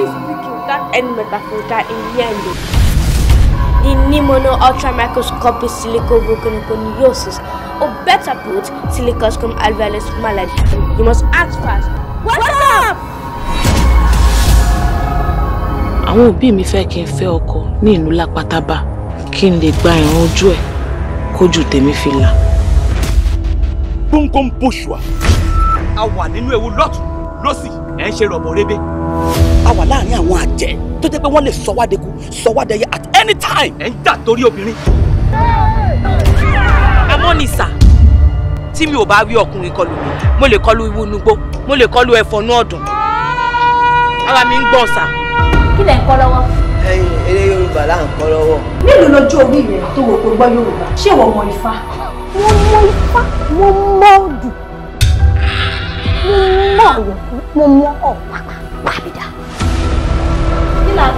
is speaking without any metaphorical in the end. The pneumono ultramicroscopic silicovolcanoconiosis, or better put, silicoscum alveolus malady. You must act fast. What's, What's up? Àwọn òbí mi fẹ́ kí n fẹ́ ọkọ ní ìlú Lápátábá kí n lè gba ìran ojú ẹ̀ kójú tèmi fi là. Gbóngbóng Bóṣùà, a wà nínú ewu lọ́tún lọ́sì ẹ̀ ń ṣe rọ̀bọ̀ rébé a wà láàrin àwọn àjẹ́ tó jẹ́ pé wọ́n lè sọ wá deku sọ wá dẹyẹ at any time. ẹ ń jà torí obìnrin. àmọ́ ni sà tí mi ò bá rí ọkùnrin kọlù mi mo lè kọlù iwu nugbó mo lè kọlù ẹfọnú ọ̀dùn ara mi ń gbọ̀n sà. kí lẹ̀ ń kọ́ lọ́wọ́. ẹyin eré yorùbá là ń kọ́ lọ́wọ́. nílùú lọ́jọ́ orí rẹ̀ tó wò pé gbọ́ yorùbá ṣé ìwọ mọ ifá. mo mọ ifá mo mọ ọdún mo mọ ọ̀wọ̀ mo mọ ọ̀pá.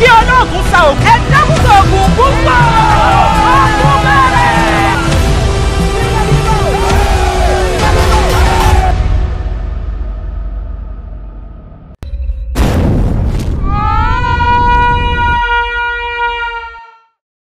kí olóògùn sa òkè dákúndògùn púpọ̀.